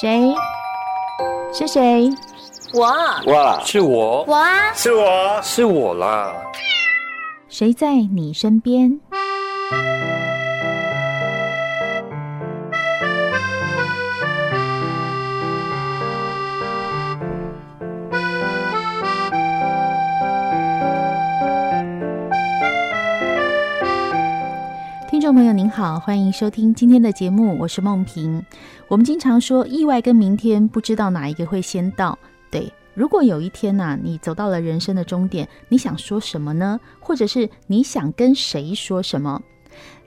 誰？是誰？我。哇，是我。我啊，是我啊，是我，是我啦。誰在你身邊？朋友您好，歡迎收聽今天的節目，我是夢萍。我們經常說，意外跟明天不知道哪一個會先到。對，如果有一天吶、啊，你走到了人生的終點，你想說什麼呢？或者是你想跟誰說什麼？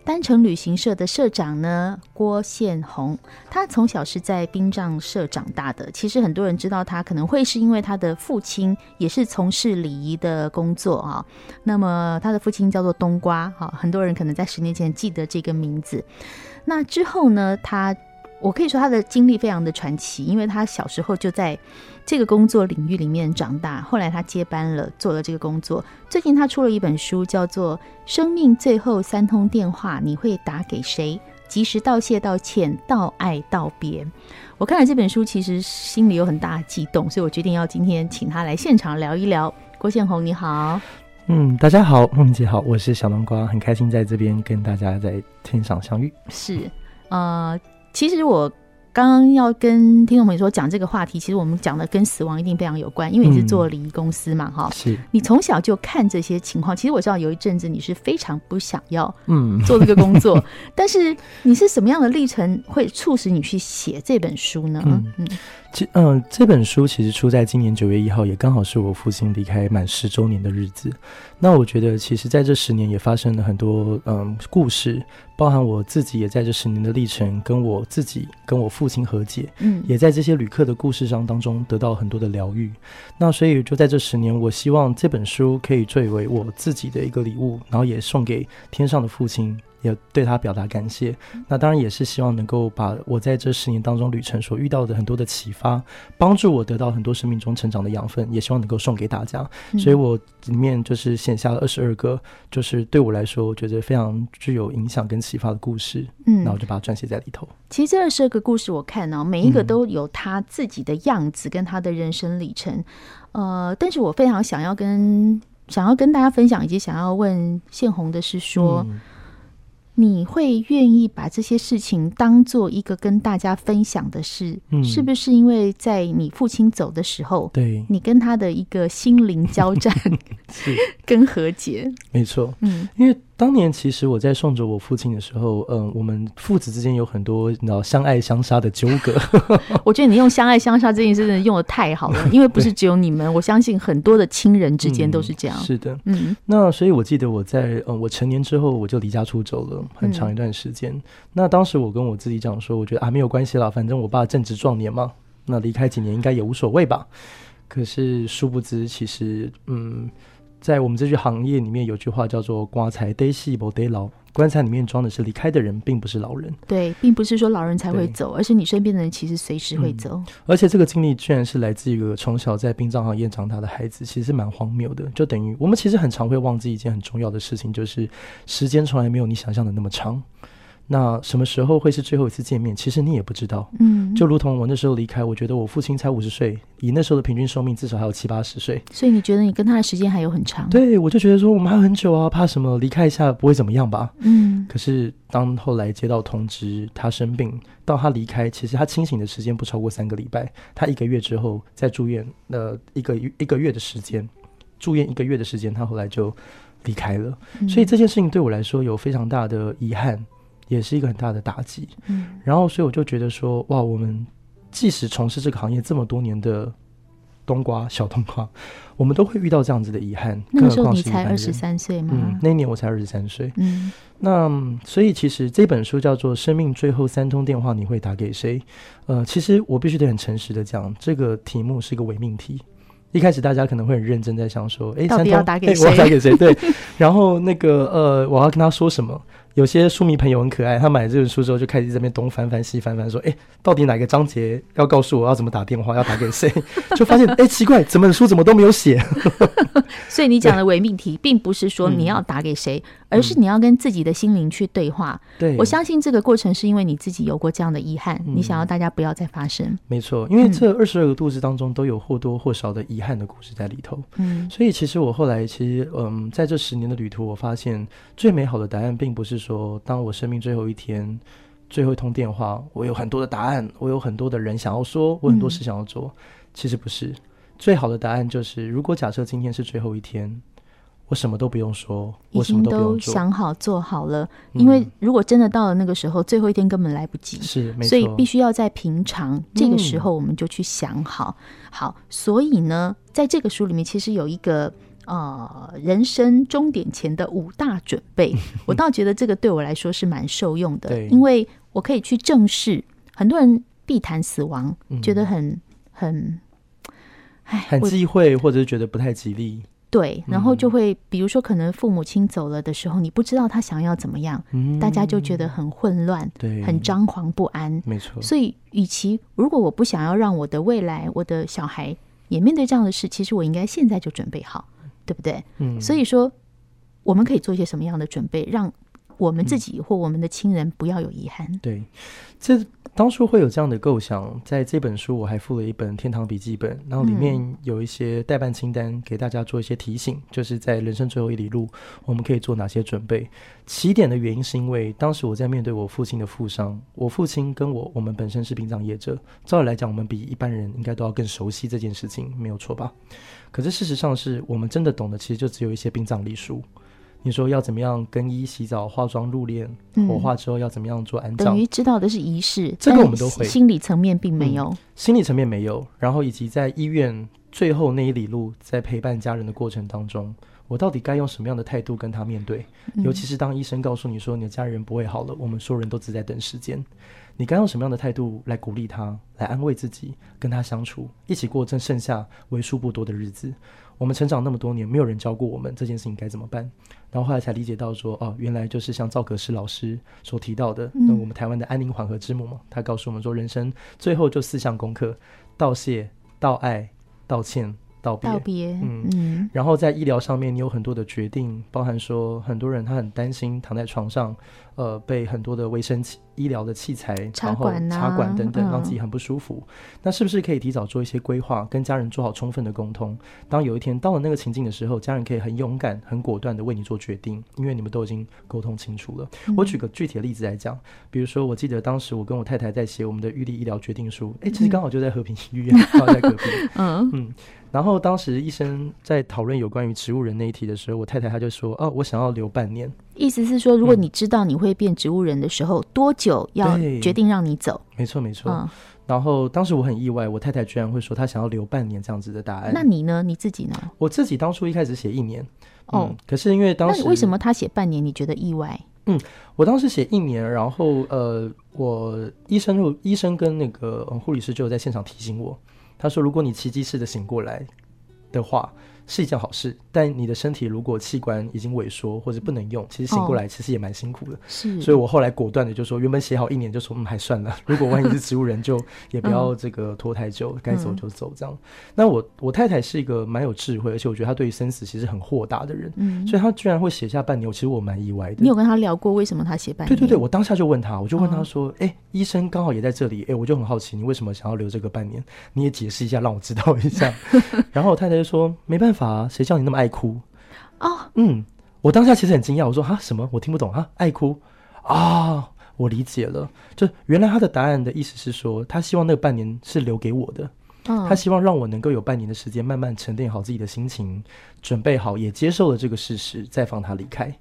單程旅行社的社長呢，郭憲鴻。他從小是在殯葬社長大的。其實很多人知道他，可能會是因為他的父親也是從事禮儀的工作啊、哦。那麼他的父親叫做冬瓜、哦、很多人可能在十年前記得這個名字。那之後呢，他。我可以說他的經歷非常的傳奇，因為他小時候就在這個工作領域裡面長大，後來他接班了，做了這個工作。最近他出了一本書，叫做《生命最後三通電話》，你會打給誰？及時道謝、道歉、道愛、道別。我看了這本書，其實心裡有很大的激動，所以我決定要今天請他來現場聊一聊。郭憲鴻，你好。嗯，大家好，夢姐好，我是小冬瓜，很開心在這邊跟大家在天上相遇。是，呃。其實我剛剛要跟聽眾朋友說，講這個話題，其實我們講的跟死亡一定非常有關，因為你是做禮儀公司嘛，哈、嗯，是你從小就看這些情況。其實我知道有一陣子你是非常不想要做這個工作，嗯、 但是你是什麼樣的歷程會促使你去寫這本書呢？嗯。嗯這嗯、呃，這本書其實出在今年九月一號，也剛好是我父親離開滿十周年的日子。那我覺得，其實在這十年也發生了很多嗯故事，包含我自己也在這十年的歷程，跟我自己跟我父親和解，嗯、也在這些旅客的故事上當中得到很多的療癒。那所以就在這十年，我希望這本書可以作為我自己的一個禮物，然後也送給天上的父親。也對他表達感謝，嗯、那當然也是希望能夠把我在這十年當中旅程所遇到的很多的啟發，幫助我得到很多生命中成長的養分，也希望能夠送給大家。嗯、所以我裡面就是寫下了二十二個，就是對我來說，我覺得非常具有影響跟啟發的故事。嗯，那我就把它撰寫在裡頭。其實這二十二個故事，我看呢、喔，每一個都有他自己的樣子跟他的人生歷程。嗯、呃，但是我非常想要跟想要跟大家分享，以及想要問憲鴻的是說。嗯你會願意把這些事情當做一個跟大家分享的事，嗯、是不是？因為在你父親走的時候，對，你跟他的一個心靈交戰 是，跟和解，沒錯錯，嗯，因為。當年其實我在送走我父親的時候，嗯，我們父子之間有很多那相愛相殺的糾葛。 我覺得你用相愛相殺這件事用得太好了， 對因為不是只有你們，我相信很多的親人之間都是這樣。嗯、是的，嗯。那所以，我記得我在嗯，我成年之後，我就離家出走了很長一段時間。嗯、那當時我跟我自己講說，我覺得啊，沒有關係啦，反正我爸正值壯年嘛，那離開幾年應該也無所謂吧。可是殊不知，其實嗯。在我們這句行業裡面有句話叫做“棺材得死不得老”，棺材裡面裝的是離開的人，並不是老人。對，並不是說老人才會走，對而是你身邊的人其實隨時會走、嗯。而且這個經歷居然是來自於一個從小在殯葬行業長大的孩子，其實蠻荒謬的。就等於我們其實很常會忘記一件很重要的事情，就是時間從來沒有你想象的那麼長。那什麼時候會是最後一次見面？其實你也不知道。嗯，就如同我那時候離開，我覺得我父親才五十歲，以那時候的平均壽命，至少還有七八十歲。所以你覺得你跟他的時間還有很長？對，我就覺得說我們還很久啊，怕什麼？離開一下不會怎麼樣吧？嗯。可是當後來接到通知，他生病，到他離開，其實他清醒的時間不超過三個禮拜。他一個月之後再住院，呃，一個一個月的時間，住院一個月的時間，他後來就離開了。嗯。所以這件事情對我來說有非常大的遺憾。也是一個很大的打擊，嗯，然後所以我就覺得說，哇，我們即使從事這個行業這麼多年的冬瓜、小冬瓜，我們都會遇到這樣子的遺憾。那個時候你才二十三歲嘛？嗯，那年我才二十三歲，嗯，那所以其實這本書叫做《生命最後三通電話》，你會打給誰？呃，其實我必須得很誠實的講，這個題目是一個偽命題。一開始大家可能會很認真在想說，誒，欸，到底要打給誰？欸，我要打給誰？ 對，然後那個呃，我要跟他說什麼？有些書迷朋友很可愛，他買了這本書之後就開始這邊東翻翻西翻翻，說：“哎、欸，到底哪個章節要告訴我要怎麼打電話， 要打給誰？”就發現：“哎、欸，奇怪，整本書怎麼都沒有寫。 ” 所以你講的偽命題，對並不是說你要打給誰，嗯、而是你要跟自己的心靈去對話。對、嗯，我相信這個過程是因為你自己有過這樣的遺憾，嗯、你想要大家不要再發生。沒錯，因為這二十二個故事當中，都有或多或少的遺憾的故事在裡頭。嗯，所以其實我後來其實，嗯，在這十年的旅途，我發現最美好的答案，並不是說。說，當我生命最後一天，最後一通電話，我有很多的答案，我有很多的人想要說，我很多事想要做。嗯、其實不是，最好的答案就是，如果假設今天是最後一天，我什麼都不用說，我什麼都不用做，已經都想好做好了。因為如果真的到了那個時候，嗯、最後一天根本來不及，是，所以必須要在平常、嗯、這個時候我們就去想好，好。所以呢，在這個書裡面，其實有一個。呃，人生終點前的五大準備， 我倒覺得這個對我來說是蠻受用的，對因為我可以去正視。很多人避談死亡，嗯、覺得很很，唉，很忌諱，會或者是覺得不太吉利。對，然後就會，嗯、比如說，可能父母親走了的時候，你不知道他想要怎麼樣，嗯、大家就覺得很混亂，對很張狂不安，沒錯錯。所以，與其如果我不想要讓我的未來，我的小孩也面對這樣的事，其實我應該現在就準備好。對不對？嗯，所以說，我們可以做一些什麼樣的準備，讓…我們自己或我們的親人不要有遺憾。嗯、對，這當初會有這樣的構想。在這本書，我還附了一本《天堂筆記本》，然後裡面有一些待辦清單，給大家做一些提醒，嗯、就是在人生最後一里路，我們可以做哪些準備。起點的原因是因為當時我在面對我父親的父喪，我父親跟我，我們本身是殯葬業者，照理來講，我們比一般人應該都要更熟悉這件事情，沒有錯吧？可是事實上是，是我們真的懂的，其實就只有一些殯葬禮書。你說要怎麼樣更衣、洗澡、化妝、入殮；火化之後要怎麼樣做安葬？等於知道的是儀式，這個我們都會。哎、心理層面並沒有，嗯、心理層面沒有。然後以及在醫院最後那一里路，在陪伴家人的過程當中，我到底該用什麼樣的態度跟他面對？嗯、尤其是當醫生告訴你說你的家人不會好了，我們說人都只在等時間，你該用什麼樣的態度來鼓勵他，來安慰自己，跟他相處，一起過這剩下為數不多的日子？我們成長那麼多年，沒有人教過我們這件事情該怎麼辦，然後後來才理解到說，哦，原來就是像趙可式老師所提到的，那、嗯嗯、我們台灣的安寧緩和之母嘛，他告訴我們說，人生最後就四項功課：道謝、道愛、道歉、道別。道別別，嗯。嗯然後在醫療上面，你有很多的決定，包含說，很多人他很擔心躺在床上。呃，被很多的維生醫療的器材，插管啊、然後插管等等，讓自己很不舒服。嗯、那是不是可以提早做一些規劃，跟家人做好充分的溝通？當有一天到了那個情境的時候，家人可以很勇敢、很果斷的為你做決定，因為你們都已經溝通清楚了。嗯、我舉個具體的例子來講，比如說，我記得當時我跟我太太在寫我們的預立醫療決定書，哎，其實剛好就在和平醫院，好、嗯、在隔壁。 嗯嗯。然後當時醫生在討論有關於植物人那一題的時候，我太太她就說：“哦，我想要留半年。”意思是說，如果你知道你會變植物人的時候，嗯、多久要決定讓你走？沒錯沒錯。嗯、然後當時我很意外，我太太居然會說她想要留半年這樣子的答案。那你呢？你自己呢？我自己當初一開始寫一年，哦、嗯，可是因為當時為什麼他寫半年？你覺得意外？嗯，我當時寫一年，然後呃，我醫生就醫生跟那個護理師就在現場提醒我，他說如果你奇蹟似的醒過來的話。是一件好事，但你的身體如果器官已經萎縮或者不能用，其實醒過來其實也蠻辛苦的。哦、是，所以我後來果斷的就說，原本寫好一年就說嗯，還算了，如果萬一是植物人，就也不要這個拖太久，嗯、該走就走這樣。那我我太太是一個蠻有智慧，而且我覺得她對於生死其實很豁達的人，嗯、所以她居然會寫下半年，我其實我蠻意外的。你有跟她聊過為什麼她寫半年？對對對，我當下就問她，我就問她說：“哎、哦欸，醫生剛好也在這裡，哎、欸，我就很好奇，你為什麼想要留這個半年？你也解釋一下，讓我知道一下。” 然後我太太就說：“沒辦法。”法，誰叫你那麼愛哭？哦，oh. 嗯，我當下其實很驚訝，我說哈什麼？我聽不懂哈愛哭啊，oh, 我理解了，就原來他的答案的意思是說，他希望那個半年是留給我的，oh. 他希望讓我能夠有半年的時間慢慢沉澱好自己的心情，準備好也接受了這個事實，再放他離開。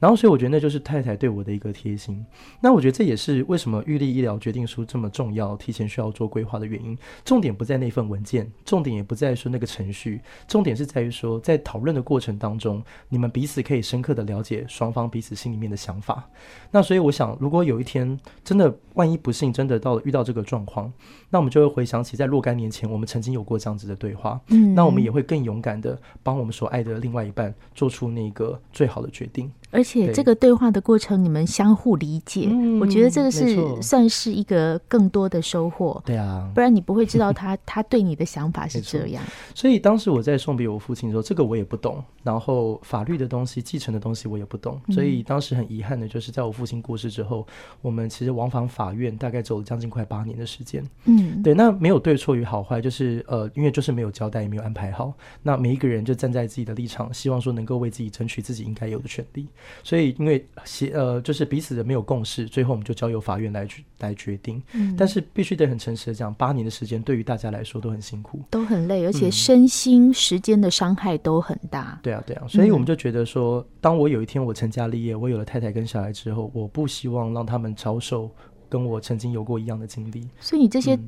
然後，所以我覺得那就是太太對我的一個貼心。那我覺得這也是為什麼預立醫療決定書這麼重要，提前需要做規劃的原因。重點不在那份文件，重點也不在說那個程序，重點是在於說在討論的過程當中，你們彼此可以深刻的了解雙方彼此心裡面的想法。那所以我想，如果有一天真的萬一不幸真的到了遇到這個狀況，那我們就會回想起在若干年前我們曾經有過這樣子的對話。那我們也會更勇敢的幫我們所愛的另外一半做出那個最好的決定。而且這個對話的過程，你們相互理解，對我覺得這個是算是一個更多的收穫。對啊、嗯，不然你不會知道他 他對你的想法是這樣。所以當時我在送別我父親的時候，這個我也不懂，然後法律的東西、繼承的東西我也不懂，所以當時很遺憾的就是，在我父親過世之後，嗯、我們其實往返法院，大概走了將近快八年的時間。嗯，對，那沒有對錯與好壞，就是呃，因為就是沒有交代，也沒有安排好，那每一個人就站在自己的立場，希望說能夠為自己爭取自己應該有的權利。所以，因為呃，就是彼此的沒有共識，最後我們就交由法院來決來決定。嗯，但是必須得很誠實的講，八年的時間對於大家來說都很辛苦，都很累，而且身心時間的傷害都很大。嗯，對啊，對啊。所以我們就覺得說，嗯，當我有一天我成家立業，我有了太太跟小孩之後，我不希望讓他們遭受跟我曾經有過一樣的經歷。所以你這些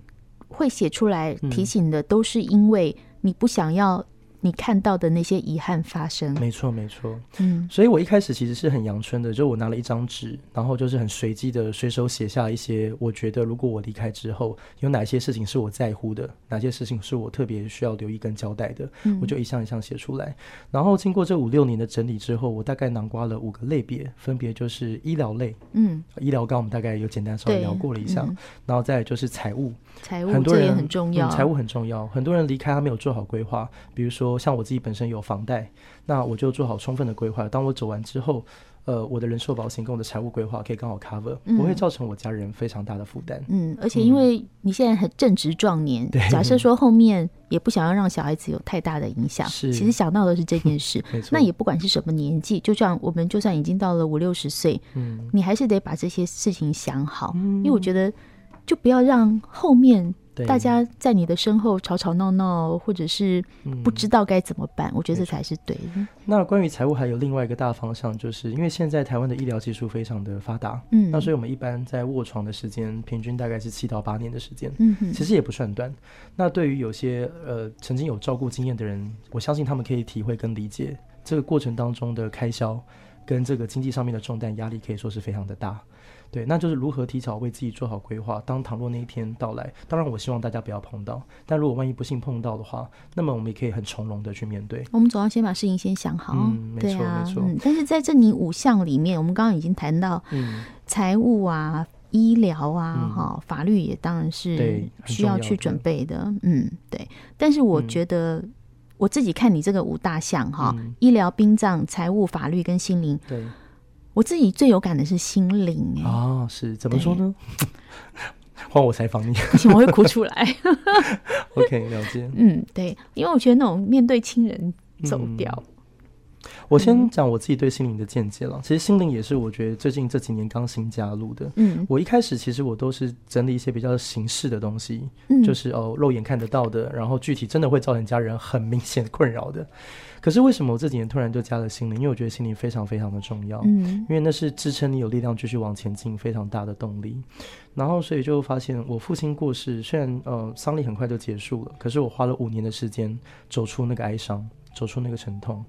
會寫出來提醒的，都是因為你不想要。你看到的那些遺憾發生，沒錯，沒錯。嗯，所以，我一開始其實是很陽春的，就我拿了一張紙，然後就是很隨機的隨手寫下一些，我覺得如果我離開之後，有哪些事情是我在乎的，哪些事情是我特別需要留意跟交代的，嗯、我就一項一項寫出來。然後，經過這五六年的整理之後，我大概囊括了五個類別，分別就是醫療類，嗯，醫療剛我們大概有簡單稍微聊過了一下，嗯、然後再來就是財務。財務這也很重要，財、嗯、務很重要。很多人離開他沒有做好規劃，比如說像我自己本身有房貸，那我就做好充分的規劃。當我走完之後，呃，我的人壽保險跟我的財務規劃可以剛好 cover，嗯、不會造成我家人非常大的負擔。嗯，而且因為你現在很正值壯年，嗯、假設說後面也不想要讓小孩子有太大的影響，對其實想到的是這件事。是 沒錯錯，那也不管是什麼年紀，就算我們就算已經到了五六十歲，嗯，你還是得把這些事情想好，嗯、因為我覺得。就不要讓後面大家在你的身後吵吵鬧鬧，對或者是不知道該怎麼辦。嗯、我覺得這才是對。那關於財務還有另外一個大方向，就是因為現在台灣的醫療技術非常的發達，嗯，那所以我們一般在臥床的時間平均大概是七到八年的時間，嗯哼，其實也不算短。那對於有些呃曾經有照顧經驗的人，我相信他們可以體會跟理解這個過程當中的開銷跟這個經濟上面的重擔壓力，可以說是非常的大。對，那就是如何提早為自己做好規劃。當倘若那一天到來，當然我希望大家不要碰到。但如果萬一不幸碰到的話，那麼我們也可以很從容的去面對。我們總要先把事情先想好，嗯、沒錯，對啊沒錯、嗯。但是在這你五項裡面，我們剛剛已經談到財務啊、嗯、醫療啊、哈、嗯、法律也當然是需要去準備的。的嗯，對。但是我覺得我自己看你這個五大項哈、嗯、醫療、殯葬、財務、法律跟心靈。對。我自己最有感的是心靈啊、欸，哦，是怎麼說呢？換對 我採訪你，我會哭出來。 OK，了解。嗯，對，因為我覺得那種面對親人走掉、嗯。我先講我自己對心靈的見解了。其實心靈也是我覺得最近這幾年剛新加入的。嗯，我一開始其實我都是整理一些比較形式的東西，就是哦肉眼看得到的，然後具體真的會造成家人很明顯的困擾的。可是為什麼我這幾年突然就加了心靈？因為我覺得心靈非常非常的重要。嗯，因為那是支撐你有力量繼續往前進非常大的動力。然後所以就發現我父親過世，雖然呃喪禮很快就結束了，可是我花了五年的時間走出那個哀傷，走出那個沉痛。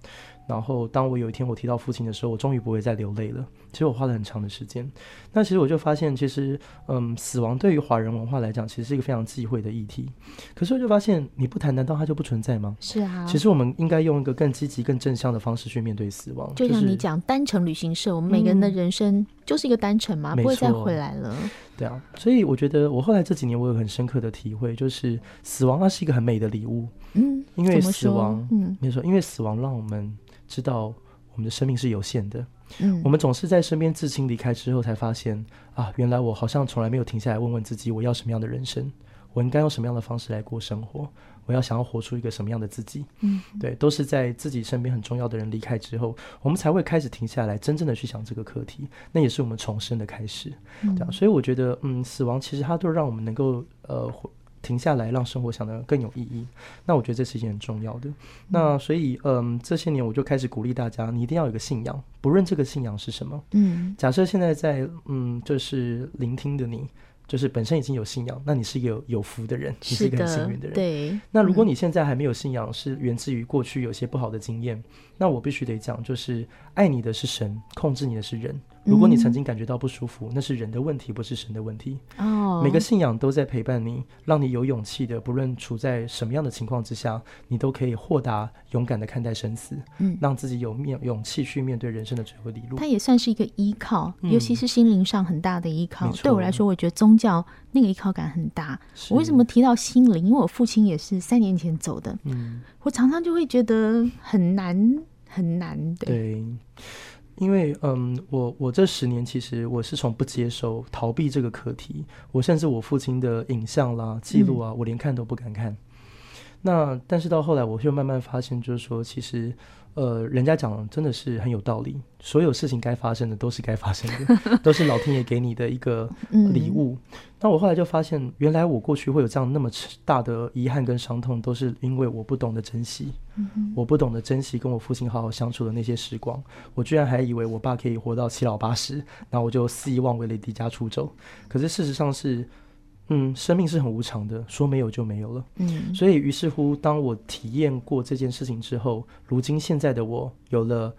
然後，當我有一天我提到父親的時候，我終於不會再流淚了。其實我花了很長的時間。那其實我就發現，其實，嗯，死亡對於華人文化來講，其實是一個非常忌諱的議題。可是我就發現，你不談，難道它就不存在嗎？是啊。其實我們應該用一個更積極、更正向的方式去面對死亡。就像你講、就是、單程旅行社，我們每個人的人生就是一個單程嘛，嗯、不會再回來了。對啊，所以我覺得我後來這幾年我有很深刻的體會，就是死亡它、啊、是一個很美的禮物，嗯，因為死亡，嗯，沒錯，因為死亡讓我們知道我們的生命是有限的，嗯、我們總是在身邊至親離開之後才發現，啊，原來我好像從來沒有停下來問問自己，我要什麼樣的人生，我應該用什麼樣的方式來過生活。我要想要活出一個什麼樣的自己？嗯，對，都是在自己身邊很重要的人離開之後，我們才會開始停下來，真正的去想這個課題。那也是我們重生的開始，對。所以我覺得，嗯，死亡其實它都讓我們能夠呃停下來，讓生活想得更有意義。那我覺得這是一件很重要的。那所以，嗯，這些年我就開始鼓勵大家，你一定要有個信仰，不論這個信仰是什麼。嗯，假設現在在，嗯，就是聆聽的你，就是本身已經有信仰，那你是一個有福的人，你是一個很幸運的人。是的，對，那如果你現在還沒有信仰，是源自於過去有些不好的經驗，嗯，那我必須得講，就是愛你的是神，控制你的是人。如果你曾經感覺到不舒服，嗯、那是人的問題，不是神的問題。哦，每個信仰都在陪伴你，讓你有勇氣的，不論處在什麼樣的情況之下，你都可以豁達、勇敢的看待生死，嗯，讓自己有面勇氣去面對人生的最後理路。它也算是一個依靠，嗯、尤其是心靈上很大的依靠。嗯、對我來說，我覺得宗教那個依靠感很大。是，我為什麼提到心靈？因為我父親也是三年前走的，嗯，我常常就會覺得很難，很難的。對。對因為，嗯，我我這十年其實我是從不接受、逃避這個課題。我甚至我父親的影像啦、記錄啊，我連看都不敢看。嗯、那但是到後來，我就慢慢發現，就是說，其實。呃，人家講真的是很有道理，所有事情該發生的都是該發生的， 都是老天爺給你的一個禮物。那、嗯、我後來就發現，原來我過去會有這樣那麼大的遺憾跟傷痛，都是因為我不懂得珍惜。嗯嗯，我不懂得珍惜跟我父親好好相處的那些時光，我居然還以為我爸可以活到七老八十，那我就肆意妄為的離家出走。可是事實上是。嗯，生命是很無常的，說沒有就沒有了。嗯，所以於是乎，當我體驗過這件事情之後，如今現在的我有了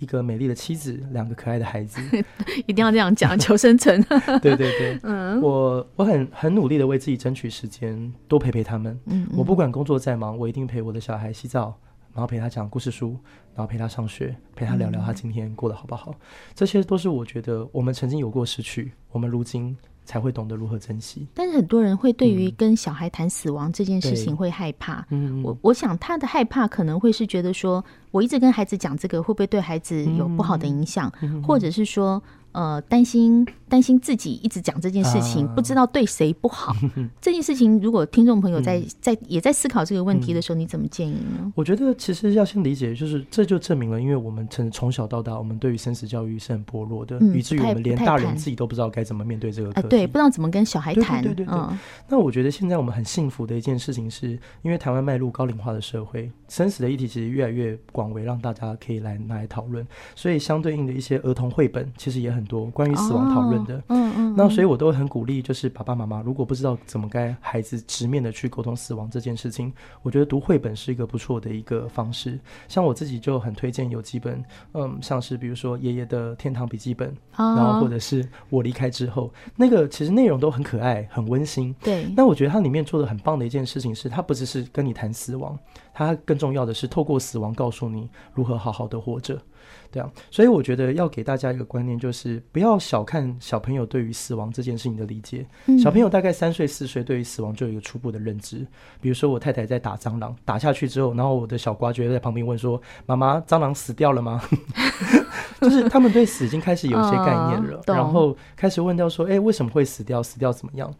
一個美麗的妻子，兩個可愛的孩子。 一定要這樣講，求生存。 對對對，嗯，我我很很努力的為自己爭取時間，多陪陪他們。嗯，嗯，我不管工作再忙，我一定陪我的小孩洗澡，然後陪他講故事書，然後陪他上學，陪他聊聊他今天過得好不好。嗯、這些都是我覺得我們曾經有過失去，我們如今。才會懂得如何珍惜，但是很多人會對於跟小孩談死亡這件事情、嗯、會害怕。對、我、嗯、我想他的害怕可能會是覺得說，我一直跟孩子講這個會不會對孩子有不好的影響，嗯、或者是說。呃，擔心擔心自己一直講這件事情，啊、不知道對誰不好。嗯、這件事情，如果聽眾朋友在在，在也在思考這個問題的時候，嗯、你怎麼建議呢？我覺得其實要先理解，就是這就證明了，因為我們從從小到大，我們對於生死教育是很薄弱的，嗯、以至於我們連大人自己都不知道該怎麼面對這個啊，對，不知道怎麼跟小孩談。對，對對對對。嗯、那我覺得現在我們很幸福的一件事情，是因為台灣邁入高齡化的社會，生死的議題其實越來越廣為讓大家可以來拿來討論，所以相對應的一些兒童繪本其實也很。多關於死亡討論的，嗯嗯，那所以我都很鼓勵，就是爸爸媽媽如果不知道怎麼跟孩子直面的去溝通死亡這件事情，我覺得讀繪本是一個不錯的一個方式。像我自己就很推薦有幾本，嗯，像是比如說《爺爺的天堂筆記本》，然後或者是《我離開之後》，那個其實內容都很可愛、很溫馨。對，那我覺得它裡面做的很棒的一件事情是，它不只是跟你談死亡。他更重要的是透過死亡告訴你如何好好的活着，這樣。所以我覺得要給大家一個觀念，就是不要小看小朋友對於死亡這件事情的理解。小朋友大概三歲四歲，對於死亡就有一個初步的認知。比如說我太太在打蟑螂，打下去之後，然後我的小瓜就會在旁邊問說：“媽媽，蟑螂死掉了嗎？” 就是他們對死已經開始有一些概念了，然後開始問到說，哎，為什麼會死掉？死掉怎麼樣？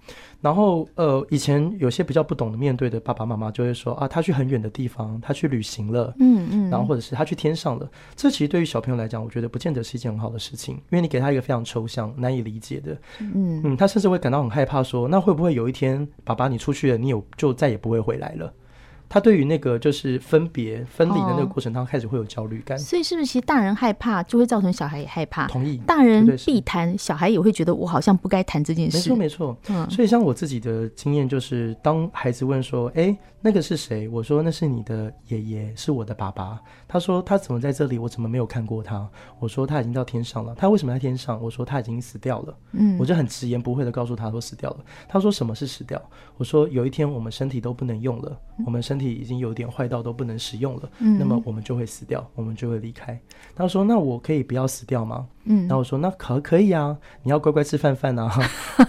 然後呃，以前有些比較不懂得面對的爸爸媽媽就會說啊，他去很遠的地方，他去旅行了，嗯嗯，然後或者是他去天上了。這其實對於小朋友來講，我覺得不見得是一件很好的事情，因為你給他一個非常抽象、難以理解的，嗯嗯，他甚至會感到很害怕，說那會不會有一天，爸爸你出去了，你有就再也不會回來了？他對於那個就是分別分離的那個過程當中，開始會有焦慮感，哦。所以是不是其實大人害怕，就會造成小孩也害怕？同意。大人避談，是是小孩也會覺得我好像不該談這件事。沒錯沒錯。嗯。所以像我自己的經驗就是，當孩子問說：“哎、嗯欸，那個是誰？”我說：“那是你的爺爺，是我的爸爸。”他說：“他怎麼在這裡？我怎麼沒有看過他？”我說：“他已經到天上了。”他為什麼在天上？我說：“他已經死掉了。”嗯，我就很直言不諱的告訴他說：“死掉了。”他說：“什麼是死掉？”我說：“有一天我們身體都不能用了，嗯、我們身體……已經有點壞到都不能使用了，嗯，那麼我們就會死掉，我們就會離開。他說：“那我可以不要死掉嗎？”嗯，然後我說，那可可以啊，你要乖乖吃飯飯啊，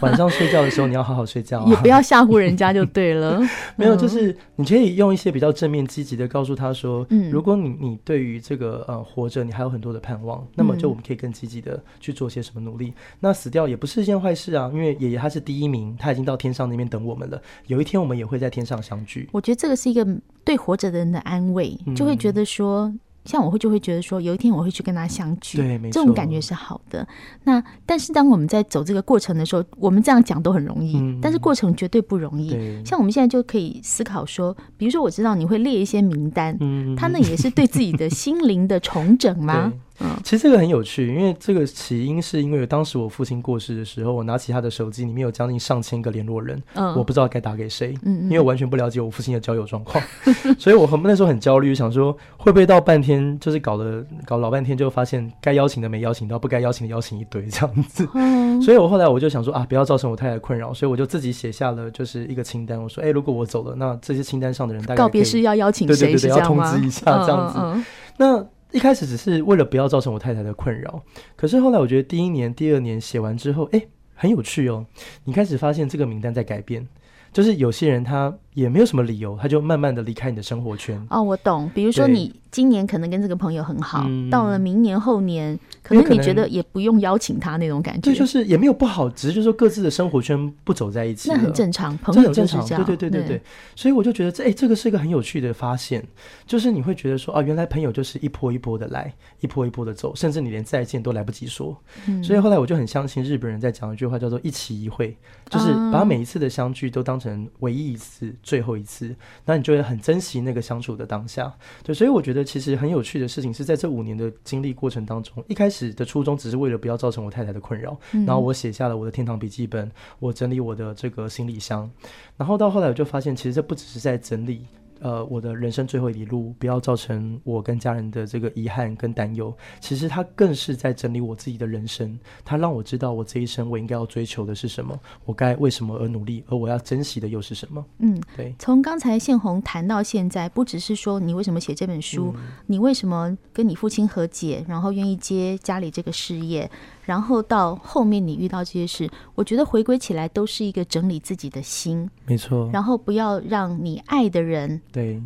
晚上睡覺的時候你要好好睡覺，啊， 也不要嚇唬人家就對了。 沒有，就是你可以用一些比較正面積極的告訴他說，嗯，如果你你對於這個呃活着你還有很多的盼望，那麼就我們可以更積極的去做些什麼努力。嗯、那死掉也不是一件壞事啊，因為爺爺他是第一名，他已經到天上那邊等我們了，有一天我們也會在天上相聚。我覺得這個是一個對活着的人的安慰，就會覺得說。嗯像我會就會覺得說，有一天我會去跟他相聚，對，沒錯，這種感覺是好的。那但是當我們在走這個過程的時候，我們這樣講都很容易，嗯、但是過程絕對不容易。對像我們現在就可以思考說，比如說我知道你會列一些名單，他、嗯、呢也是對自己的心靈的重整嗎？ 其實這個很有趣，因為這個起因是因為當時我父親過世的時候，我拿起他的手機，裡面有將近上千個聯絡人，嗯、我不知道該打給誰，嗯、因為我完全不了解我父親的交友狀況， 所以我很那時候很焦慮，想說會不會到半天就是搞了搞了老半天，就發現該邀請的沒邀請到，不該邀請的邀請一堆這樣子，嗯、所以我後來我就想說啊，不要造成我太太困擾，所以我就自己寫下了就是一個清單，我說，哎，如果我走了，那這些清單上的人，大概告別是要邀請誰，是這樣嗎？對對，對對，要通知一下，嗯，這樣子，嗯、那。一開始只是為了不要造成我太太的困擾，可是後來我覺得第一年、第二年寫完之後，哎、欸，很有趣哦。你開始發現這個名單在改變，就是有些人他。也沒有什麼理由，他就慢慢的離開你的生活圈。哦，我懂。比如說，你今年可能跟這個朋友很好，對到了明年後年，嗯、可能你覺得也不用邀請他那種感覺。對，就是也沒有不好，只、就是說各自的生活圈不走在一起，那很正常。朋友就是這樣，這很正常，對對對對對。對，所以我就覺得，哎、欸，這個是一個很有趣的發現，就是你會覺得說，啊，原來朋友就是一波一波的來，一波一波的走，甚至你連再見都來不及說。嗯、所以後來我就很相信日本人，在講一句話叫做“一期一會”，嗯、就是把每一次的相聚都當成唯一一次。最後一次，那你就會很珍惜那個相處的當下，對，所以我覺得其實很有趣的事情是，在這五年的經歷過程當中，一開始的初衷只是為了不要造成我太太的困擾，然後我寫下了我的天堂筆記本，我整理我的這個行李箱，然後到後來我就發現，其實這不只是在整理。呃，我的人生最後一哩路，不要造成我跟家人的這個遺憾跟擔憂。其實他更是在整理我自己的人生，他讓我知道我這一生我應該要追求的是什麼，我該為什麼而努力，而我要珍惜的又是什麼。嗯，對。從剛才憲鴻談到現在，不只是說你為什麼寫這本書，嗯、你為什麼跟你父親和解，然後願意接家裡這個事業。然後到後面你遇到這些事，我覺得回歸起來都是一個整理自己的心，沒錯。然後不要讓你愛的人對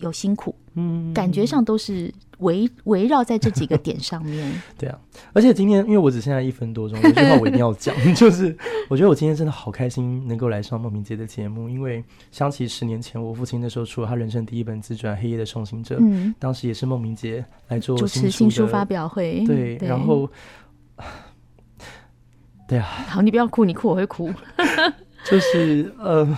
有辛苦，嗯對，感覺上都是圍圍繞在這幾個點上面。 對啊，而且今天因為我只剩下一分多鐘，這句話我一定要講， 就是我覺得我今天真的好開心能夠來上夢萍姐的節目，因為想起十年前我父親那時候出了他人生第一本自傳《黑夜的送行者》，嗯，當時也是夢萍姐來做主持新書發表會，對，然後。對啊，好，你不要哭，你哭我會哭。 就是呃，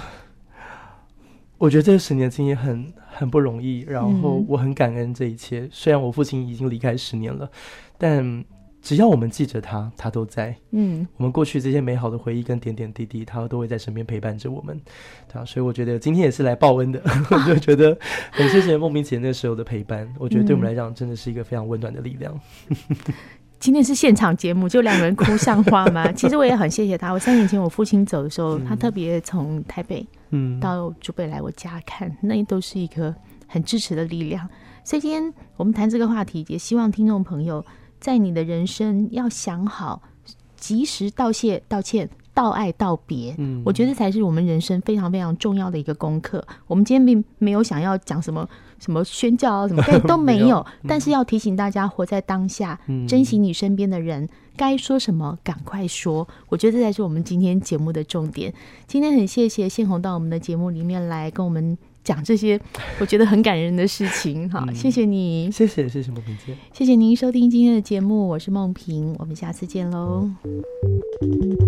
我覺得這十年經驗很很不容易，然後我很感恩這一切。嗯、雖然我父親已經離開十年了，但只要我們記着他，他都在。嗯，我們過去這些美好的回憶跟點點滴滴，他都會在身邊陪伴着我們。對啊，所以我覺得今天也是來報恩的，我、啊、 就覺得很謝謝夢萍姐那時候的陪伴。我覺得對我們來講，真的是一個非常溫暖的力量。嗯 今天是現場節目，就兩個人哭像話嗎？ 其實我也很謝謝他。我三年前我父親走的時候， 他特別從台北到竹北來我家看， 那都是一個很支持的力量。所以今天我們談這個話題，也希望聽眾朋友在你的人生要想好，及時道謝道歉。道愛道別，嗯，我覺得這才是我們人生非常非常重要的一個功課。我們今天並沒有想要講什麼什麼宣教啊，什麼 都沒有。嗯、但是要提醒大家，活在當下，嗯、珍惜你身邊的人，該說什麼趕快說。我覺得這才是我們今天節目的重點。今天很謝謝憲鴻到我們的節目裡面來跟我們講這些，我覺得很感人的事情。哈，嗯、謝謝你，謝謝是什麼，謝謝夢萍姐謝謝您收聽今天的節目，我是夢萍，我們下次見嘍。嗯